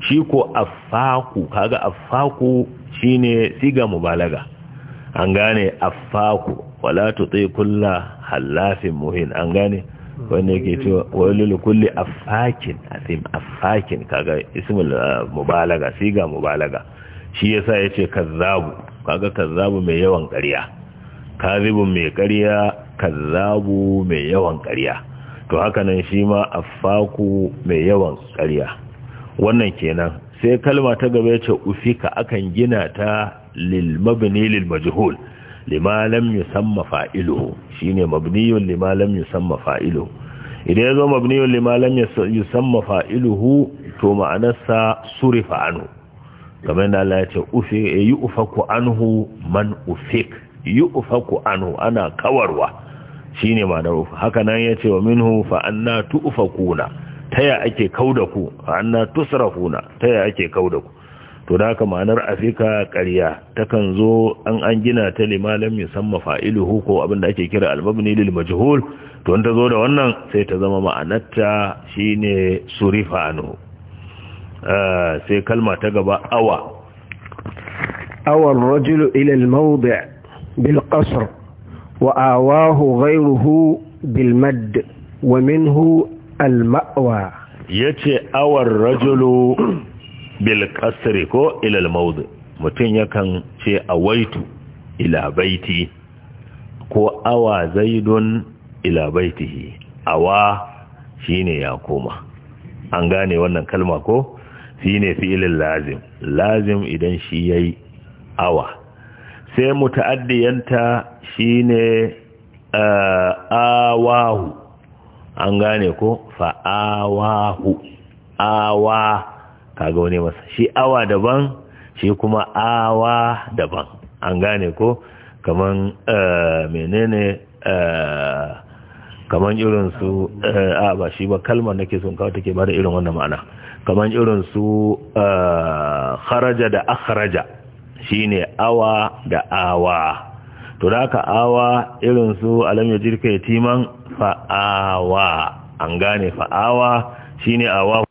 shi ko afaku kaga afaku shine siga mubalaga an gane afaku wala tuti kulla halafin muhin an gane wanda yake cewa wailul kulli afakin asim afakin kaga ismul eh, mubalaga siga mubalaga shi yasa yace kazzabu kaga kazzabu mai yawan ƙarya kazibu mai ƙarya kazzabu mai yawan ƙarya to haka nan shi ma afaku mai yawan ƙarya wannan kenan sai kalma ta gaba yace ufika akan gina ta lil mabni lil majhul lima lam yusamma fa'iluhu shine mabniyun lima lam yusamma fa'iluhu idan yazo mabniyun lima lam yusamma fa'iluhu to ma'anarsa surifa anhu kamar da Allah ya ce ufe eh, yi ufaku anhu man ufik yi ufa ufaku anhu ana kawarwa shine ma da ufa haka nan ya ce wa minhu fa anna ta taya ake da ku fa anna ta taya ake da ku to da haka ma'anar afika ƙarya kan zo an an gina ta limalan musamman fa'iluhu ko abin da ake kira almabni lil majhul to wanda zo da wannan sai ta zama ma'anarta shine surifa anhu Eh, sai kalma ta gaba awa Awar rajulu ila al-mawdi' bil qasr wa awahu ghayruhu bil mad wa minhu al-ma'wa yace awar rajulu bil qasr ko ila al-mawdi' mutun yakan ce awaitu ila baiti ko awa zaidun ila baitihi awa shine ya koma an gane wannan kalma ko shi ne fi'ilin lazim lazim idan shi ya yi awa sai muta'addiyanta shi ne eh, awahu an gane ko fa'awahu awa kaga wani masa shi awa daban shi kuma awa daban an gane ko kaman eh, menene eh, kaman irin su a ba shi ba kalmar nake son kawo take bada irin wannan ma'ana kamar irin su eh, kharaja da akharaja shine awa da awa to da ka awa irin su alam yajirka yatiman fa'awa an gane fa'awa shine awa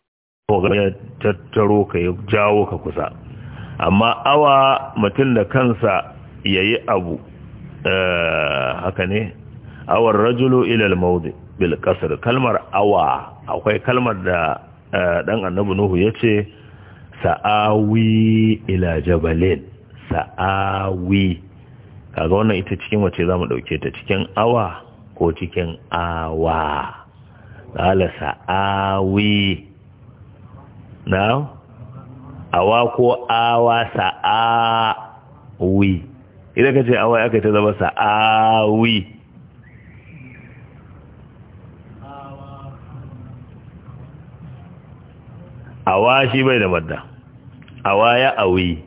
ko ga tattaro ka jawo ka kusa amma awa mutum da kansa yayi abu eh, haka ne awar rajulu ilal mawdi bil kasr kalmar awa akwai kalmar da Eh, dan annabi nuhu ya ce sa'awi ila jabalin sa'awi kaga wannan ita cikin wace zamu mu ɗauke ta cikin awa ko cikin awa ƙala sa'awi na awa ko awa sa'awi idan ka ce awa aka ta zama sa'awi awa shi bai da madda awa ya awi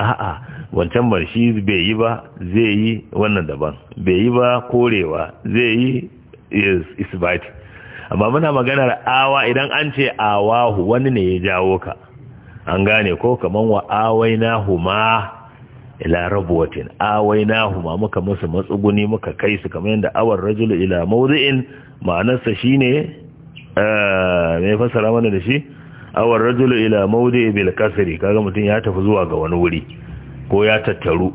a'a wancan bar bai yi ba zai yi wannan daban bai yi ba korewa zai yi isbat amma muna maganar awa idan an ce awahu wani ne ya jawo ka an gane ko kaman wa awaina huma ila rabuwatin awaina huma muka musu matsuguni muka kai su kamar yadda awar rajulu ila mawdi'in ma'anarsa shine Eh, me fasara mana da shi awar rajulu ila maudi bil kasri kaga mutum ya tafi zuwa ga wani wuri ko ya tattaru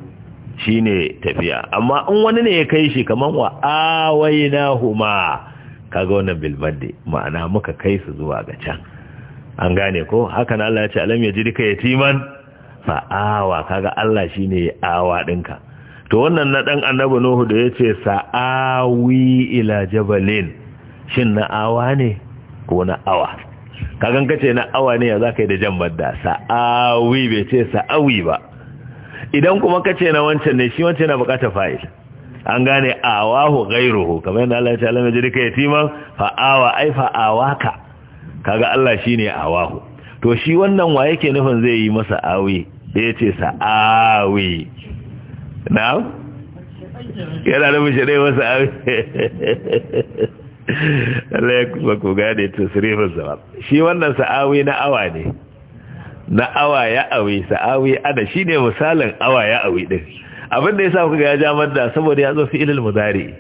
shine tafiya amma in wani ne ya kai shi kaman wa huma kaga wannan bil badde ma'ana muka kai su zuwa ga can an gane ko haka na Allah ya ce alam yajidika yatiman fa awa kaga Allah shine awa dinka to wannan na dan annabi Nuhu da yace sa'awi ila jabalin shin na awa ne ko na awa kagan ce na awa ne ya zaka yi da jan badda sa'awi bai ce sa'awi ba idan kuma ka ce na wancan ne shi wancan na bukatar fa'il an gane gairu ghairuhu kamar yana Allah ya ce Allah ya jirka ya timan fa'awa ai fa'awa ka kaga Allah shi awa awahu to shi wannan wa yake nufin zai yi masa awi da ce sa'awi na yana da mishi dai masa awi <laughs> Allah ya kuma ku gane tasrifin sa shi wannan sa'awi na awa ne na awa ya awi sa'awi ada shine misalin awa ya awi din abin da yasa kuka ya ja madda saboda ya zo fi'ilul mudari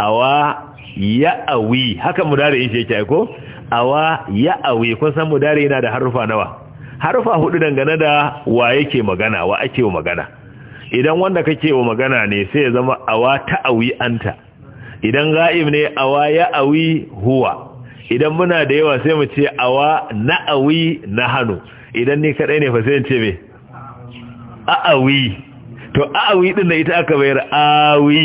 awa ya awi haka mudari yake yake ko awa ya awi kun san mudari yana da harufa nawa harufa hudu dangane da wa yake magana wa ake magana idan wanda kake wa magana ne sai ya zama awa ta awi anta idan ga'ib ne awa ya awi huwa idan muna da yawa sai mu ce awa na awi na hannu idan ni kadai ne fa sai in ce a'awi to a'awi din da ita aka bayar awi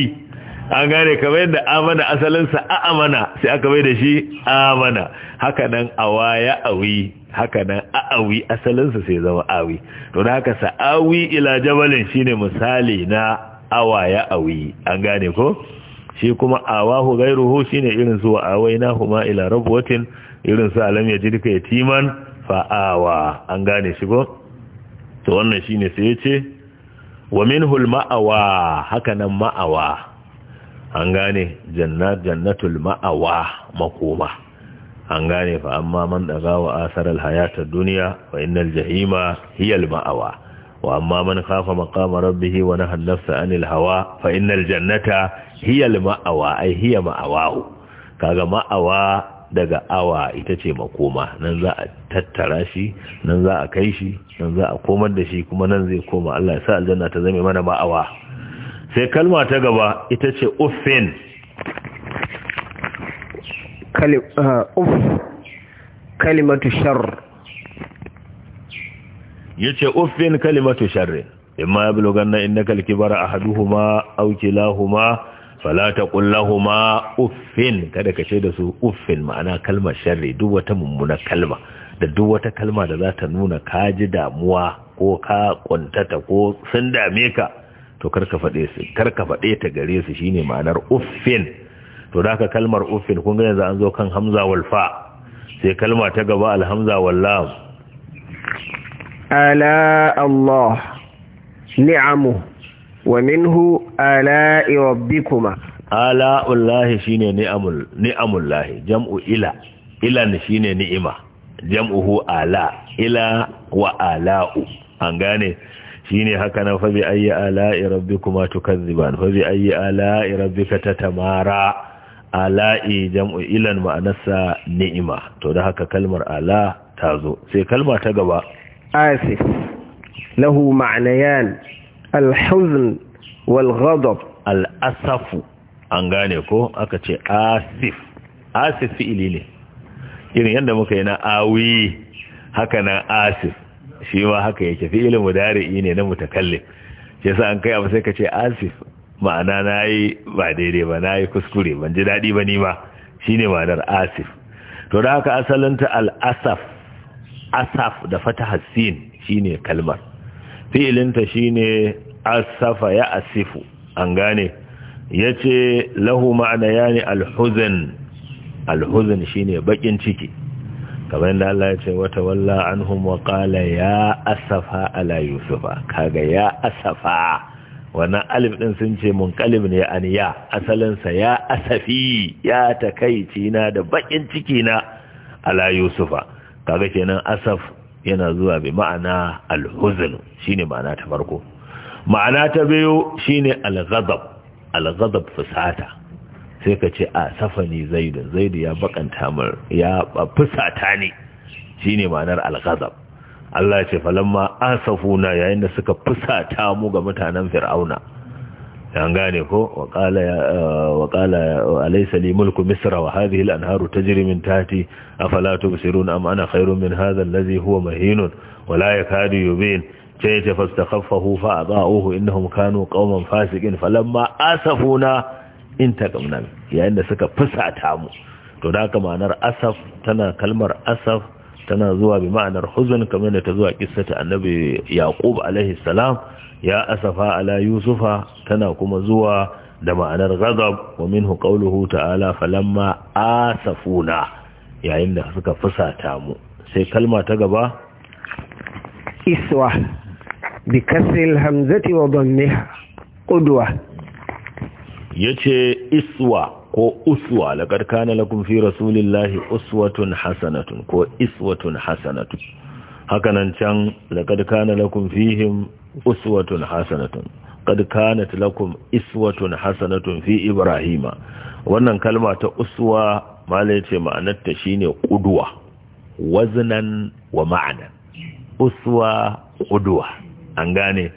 an gane kamar yadda amana asalinsa a'amana sai aka bai da shi amana haka nan awa ya awi haka nan a'awi asalinsa sai zama awi to da haka sa'awi ila jabalin shine misali na awa ya awi an gane ko shi kuma awahu ghairuhu shine irin su awainahuma ila rabwatin irin su alam yajidka yatiman fa an gane shi ko to wannan ne sai yace wa Hul ma'awa haka nan ma'awa an gane jannatul ma'awa makoma an gane fa amma man daga wa asar alhayata duniya fa innal jahima hiyal ma'awa wa amma man khafa maqama rabbih wa nahana nafsa anil hawa fa innal jannata hiyal ma'awa ai hiya ma'awahu kaga ma'awa daga awa ita ce makoma nan za a tattara shi nan za a kai shi nan za a komar da shi kuma nan zai koma Allah ya sa aljanna ta zame mana ma'awa sai kalma ta gaba ita ce uffin uh, kalimatu shar yace uffin kalimatu shar imma yablughanna innaka alkibara ahaduhuma aw kilahuma fala taqul lahumu uffin kada ka ce da su uffin ma'ana kalmar sharri duk wata mummuna kalma da duk wata kalma da za ta nuna ka ji damuwa ko ka kuntata ko sun dame ka to karka faɗe su karka faɗe ta gare su shine ma'anar uffin to da ka kalmar uffin kun ga yanzu an zo kan hamza wal fa sai kalma ta gaba al hamza wal lam ala allah ni'amu wa minhu bikuma. rabbikuma ala'ullahi shine ni'amul ni'amullahi jam'u ila ila ne shine ni'ima jam'uhu ala ila wa ala'u an gane shine haka na. fa bi ayyi ala'i rabbikuma tukazziban fa bi ayyi ala'i rabbika tatamara ala'i jam'u ilan ma'anarsa ni'ima to da haka kalmar ala ta zo sai kalma ta gaba asif lahu ma'anayan alhuzn walghadab ghadab an gane ko aka ce asif asif fi'ili ne irin yadda muka yi na awi haka nan asif shi ma haka yake fi'ilin mudari'i ne na mutakallim shi sai an kai abu sai ka ce asif ma'ana nayi ba daidai ba nayi kuskure ban ji daɗi ba ni ma shine ma'anar asif to da haka asalinta al asaf asaf da fataha sin shine kalmar fi'ilinta shine asafa ya asifu an gane ya ce lahu ma'ana ya ne alhuzin alhuzin shine bakin ciki kamar yadda Allah ya ce wata walla an wa qala ya asafa ala yusufa kaga ya asafa wannan alif din sun ce mun munqalib ne an ya asalinsa ya asafi ya takaici na da bakin ciki na ala yusufa kaga kenan asaf yana zuwa bi ma'ana al-huzn shine ma'ana ta farko ma'ana ta biyu shine al-ghadab al fusata sai ka ce a safani zaidun zaidu ya bakanta mar ya fusata ne shine ma'anar al Allah ya ce falamma asafuna yayin da suka fusata mu ga mutanen fir'auna an gane ko wa qala eh, mulku misra wa hadhihi al-anharu Tati a falatu afala tubsirun am ana khayrun min hadha alladhi huwa mahinun wala ya yakadu yubin sai ta fastakhaffahu fa ata'uhu innahum kanu qauman fasikin falamma asafuna intaqamna yayin da suka fusata mu to da haka ma'anar asaf tana kalmar asaf tana zuwa bi ma'anar huzun kamar da ta zuwa kissata annabi yaqub alaihi salam ya asafa ala yusufa tana kuma zuwa da ma'anar ghadab wa minhu qawluhu ta'ala falamma asafuna yayin da suka fusata mu sai kalma ta gaba iswa bi kasril hamzati wa dammiha qudwa yace iswa ko uswa laqad kana lakum fi rasulillahi uswatun hasanatun ko iswatun hasanatun hakanan can laqad kana lakum fihim uswatun hasanatun qad kanat lakum iswatun hasanatun fi ibrahima wannan kalma ta uswa malai ce ma'anar ta shine qudwa waznan wa ma'ana uswa qudwa an gane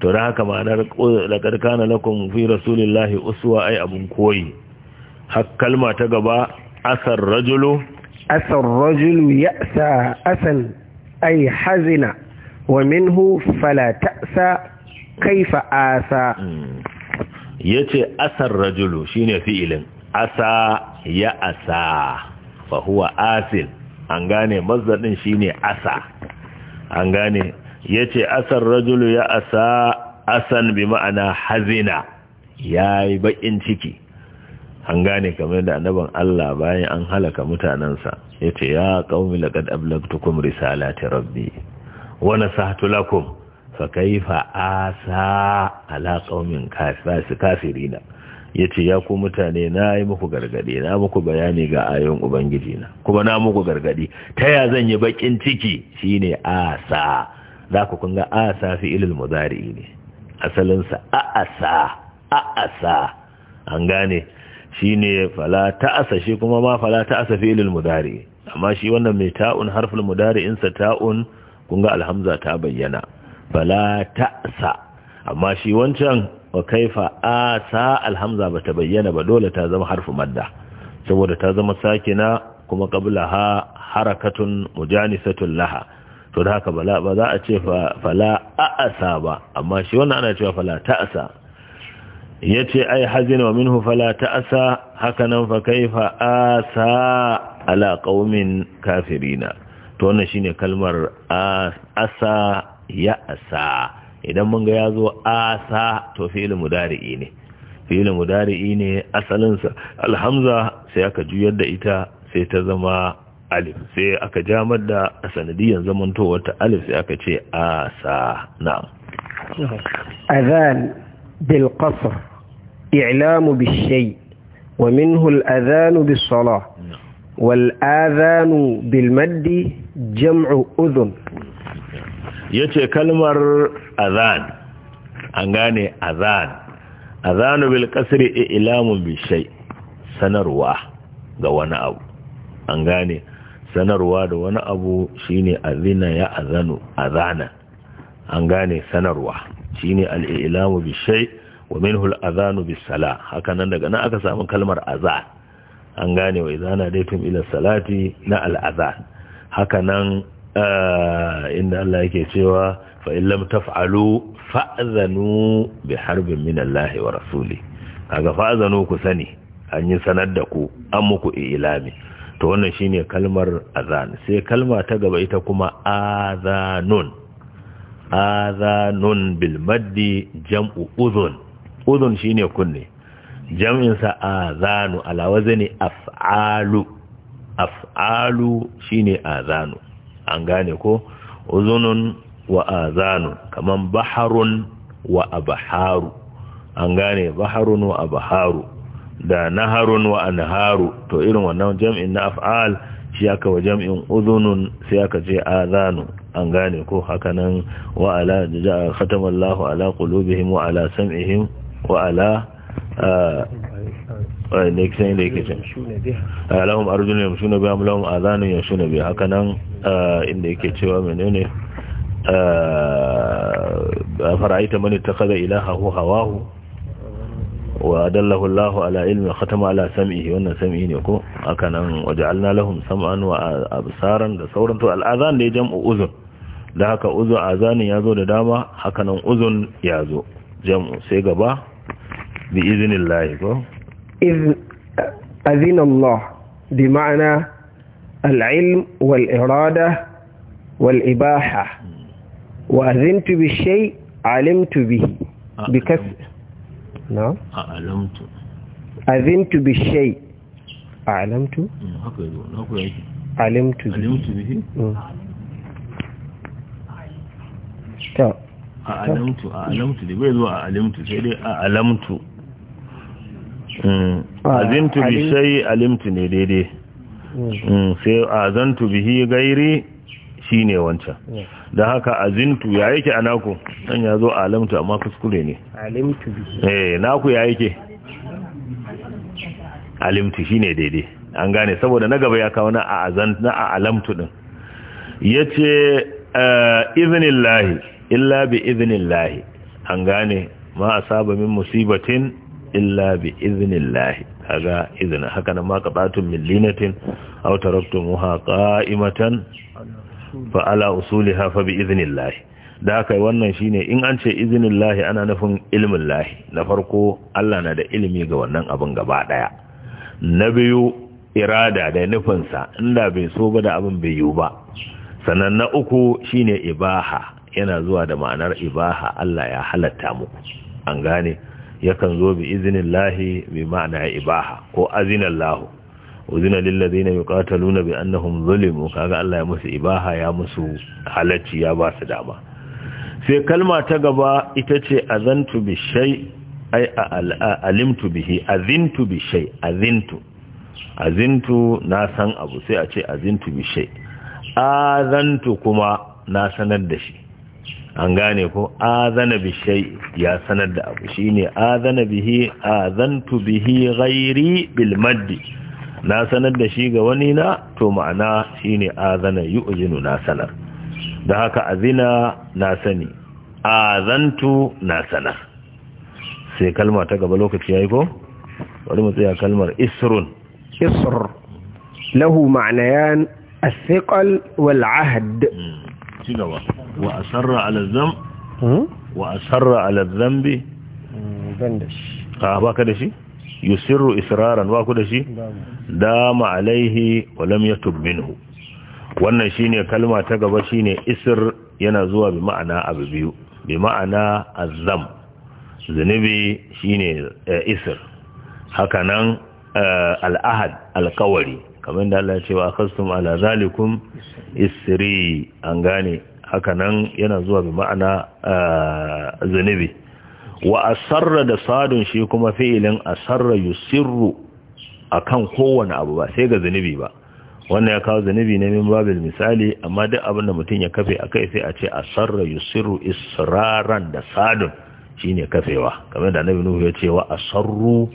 to da haka ma'anar laqad kanat lakum fi rasulillahi uswa ai abun koyi har kalma ta gaba asar rajulu asar rajulu ya'sa asal ay hazina wa minhu fala ta'sa kaifa asa mm. yace asar rajulu shine fi'ilin asa ya asa fa huwa asil an gane mazdar din shine asa an gane yace asar rajulu ya asa asan bi ma'ana hazina yayi bakin ciki an gane kamar da annaban Allah bayan an halaka mutanansa yace ya qaumi laqad ablagtukum risalati rabbi wa nasahtu lakum fa kaifa asa ala qaumin kafirina yace ya ku mutane na yi muku gargadi na muku bayani ga ayon ubangiji na kuma na muku gargadi ta ya zan yi bakin ciki shine asa za ku kunga asa fi ilil mudari ne asalinsa a asa. an gane shine fala ta'asa shi kuma ma fala ta'asa fi ilil mudari amma shi wannan mai ta'un harfin mudari insa ta'un kun ga alhamza ta bayyana fala ta'sa amma shi wancan wa kaifa asa alhamza bata bayyana ba dole ta zama harfu madda saboda ta zama sakina kuma qablaha harakatun mujanisatun laha to da haka bala ba za a ce fala a'asa ba amma shi wannan ana cewa fala ta'sa yace ai hazina wa minhu fala ta'sa hakanan fa kaifa asa ala qaumin kafirina tona shi shine kalmar asa ya asa idan mun ga ya zo asa to fi'il mudari'i ne fi'il mudari'i ne asalinsa alhamza sai aka juyar da ita sai ta zama alif sai aka jamar da sanadiyan zamantowar ta alif sai aka ce asa na'am azan wa إعلام بالشيء ومنه الأذان بالصلاة wal'azanu bilmaddi jam'u uzun ya ce kalmar azan an gane azan azanu bil kasri ilamun bishai sanarwa ga wani abu an gane sanarwa da wani abu shine azina ya azanu azana an gane sanarwa shine al bishai wa minhu al-azanu bisala sala haka nan daga nan aka samu kalmar azan an gane wa na daitum ila salati na al'azan haka nan eh, inda Allah yake cewa fa in lam taf'alu fa'zanu bi harbin min Allah wa rasuli kaga fa'zanu ku sani an yi sanar da ku an muku ilami to wannan shine kalmar azan sai kalma ta gaba ita kuma azanun azanun bil maddi jam'u udhun udhun shine kunne a zanu ala wazani af'alu af'alu shine azanu an gane ko uzunun wa azanu kamar baharun wa abharu an gane baharun wa abharu da naharun wa anharu to irin wannan jam'in na af'al shi aka wa jam'in uzunun sai aka ce azanu an gane ko haka nan wa ala khatamallahu ala qulubihim wa ala sam'ihim wa ala da kisan da yake can lahum arjuna yamshuna biha lahum adhanun yamshuna biha haka nan inda yake cewa menene fara'aita man ittakhadha ilahahu hawahu wa adallahu Allahu ala ilmi khatama ala sam'ihi wannan sam'i ne ko haka nan waja'alna lahum sam'an wa absaran da sauran to al'azan ne jam'u uzun da haka uzun azanin yazo da dama haka nan uzun yazo jam'u sai gaba بإذن الله إذ أذن الله بمعنى العلم والإرادة والإباحة وأذنت بالشيء علمت به آه، بكسر نعم أعلمت آه، أذنت بالشيء أعلمت علمت به أعلمت به آه. علمت علمت علمت علمت Hmm. azimtu ah, bi shay alimtu ne daidai hmm. Hmm, sai azantu bihi gairi shine wancan da haka azintu ya yake a naku nan ya zo alimtu amma kuskure ne alimtu bihi eh naku ya yake alimtu shine daidai an gane saboda na gaba ya kawo na a azan na a alamtu din yace eh, iznillahi illa bi iznillahi an gane ma asaba min musibatin illa bi iznillahi kaga izinin haka nan ma millinatin min linatin aw taraktumuha qa'imatan fa ala usuliha fa bi iznillahi da haka wannan shine in an ce iznillahi ana nufin ilmin lahi na farko Allah na da ilimi ga wannan abin gaba daya na biyu irada da nufinsa inda bai so ba da abin bai yiwu ba sannan na uku shine ibaha yana zuwa da ma'anar ibaha Allah ya halatta muku an gane yakan zo bi izinin lahi bi ma'ana ibaha ko azinan lahu uzina lillazina yuqataluna bi annahum zulimu kaga Allah ya musu ibaha ya musu halacci ya ba su dama sai kalma ta gaba ita ce azantu bi shay ai alimtu bihi azintu bi shay azintu azintu na san abu sai a ce azintu bi shay azantu kuma na sanar da shi an gane ko azana bi shay ya sanar da abu shine azana bihi azantu bihi ghairi bil na sanar da shi ga wani na to ma'ana shine yi ujinu na sanar da haka azina na sani azantu na sanar sai kalma ta gaba lokaci yayi ko bari mu tsaya kalmar isrun isr lahu asikal الثقل hmm, ci شنو wa asarra ala zam wa asarra a baka da shi yusirru israran ba ku da dama alaihi wa lam yatub minhu wannan shine kalma ta gaba shine isir yana zuwa bi ma'ana abu biyu bi ma'ana azam zunubi shine isir hakanan al'ahad alkawari kamar da Allah ya ce wa ala zalikum isri an gane hakanan yana zuwa bi ma'ana zunubi wa asarra da sadun shi kuma fi'ilin asarra yusirru akan kowane abu ba sai ga zunubi ba wannan ya kawo zunubi ne min babil misali amma duk abin da mutum ya kafe akai sai a ce asarra yusirru israran da sadun shine kafewa kamar da annabi nuhu ya ce wa asarru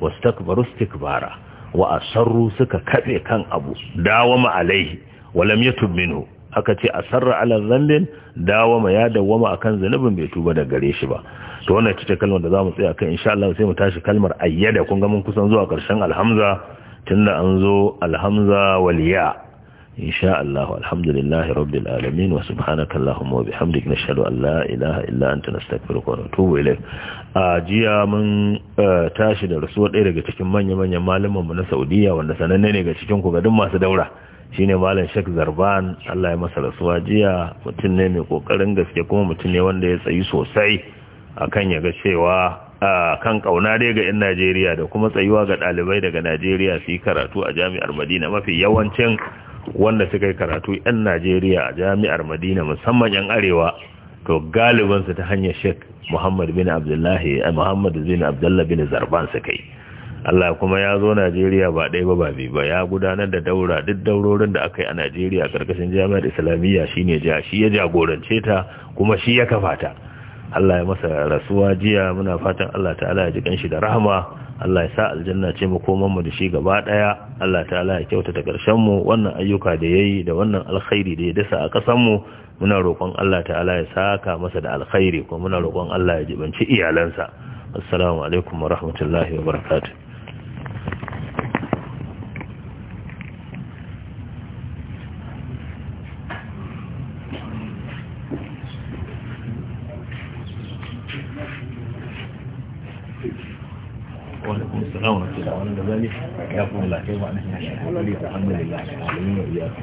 wastakbaru istikbara wa asarru suka kafe kan abu dawama alaihi walam yatub minhu aka ce a sarra ala zambin dawama ya dawama akan zanubin bai tuba da gare shi ba to wannan ce kalmar da zamu tsaya kan insha Allah sai mu tashi kalmar ayyada kun ga mun kusan zuwa karshen alhamza tunda an zo alhamza ya insha Allah alhamdulillahi rabbil alamin wa subhanaka allahumma wa bihamdika nashhadu an la ilaha illa anta nastaghfiruka wa natubu ilayk a jiya mun eh, tashi da rasuwa ɗaya daga cikin manya-manyan malaman mu na Saudiya wanda sananne ne ga cikin ku ga duk masu daura shine malam Sheikh Zarban Allah ya masa rasuwa jiya mutum ne mai kokarin gaske kuma mutum ne wanda ya tsayi sosai akan ya ga cewa kan kauna dai ga 'yan Najeriya da kuma tsayuwa ga ɗalibai daga Najeriya su yi karatu a jami'ar Madina mafi yawancin wanda suka yi karatu 'yan Najeriya a jami'ar Madina musamman 'yan Arewa to galibinsu ta hanyar Sheikh Muhammad bin Abdullahi eh, Muhammad bin Abdullah bin Zarban su kai. Allah kuma ya zo Najeriya ba ɗaya ba ba biyu ba ya gudanar da daura duk daurorin da aka yi a Najeriya karkashin jami'ar Islamiyya shine ja shi ya jagorance ta kuma shi ya kafa ta Allah ya masa rasuwa jiya muna fatan Allah ta'ala ya ji shi da rahama Allah ya sa aljanna ce mu koman mu da shi gaba ɗaya Allah ta'ala ya kyautata karshen mu wannan ayyuka da yayi da wannan alkhairi da ya dasa a kasan mu muna roƙon Allah ta'ala ya saka masa da alkhairi kuma muna roƙon Allah ya jibanci iyalansa assalamu alaikum wa rahmatullahi wa barakatuh عليكم السلام ورحمة الله وبركاته يا الله كيف أنك نحن الحمد لله العالمين وإياكم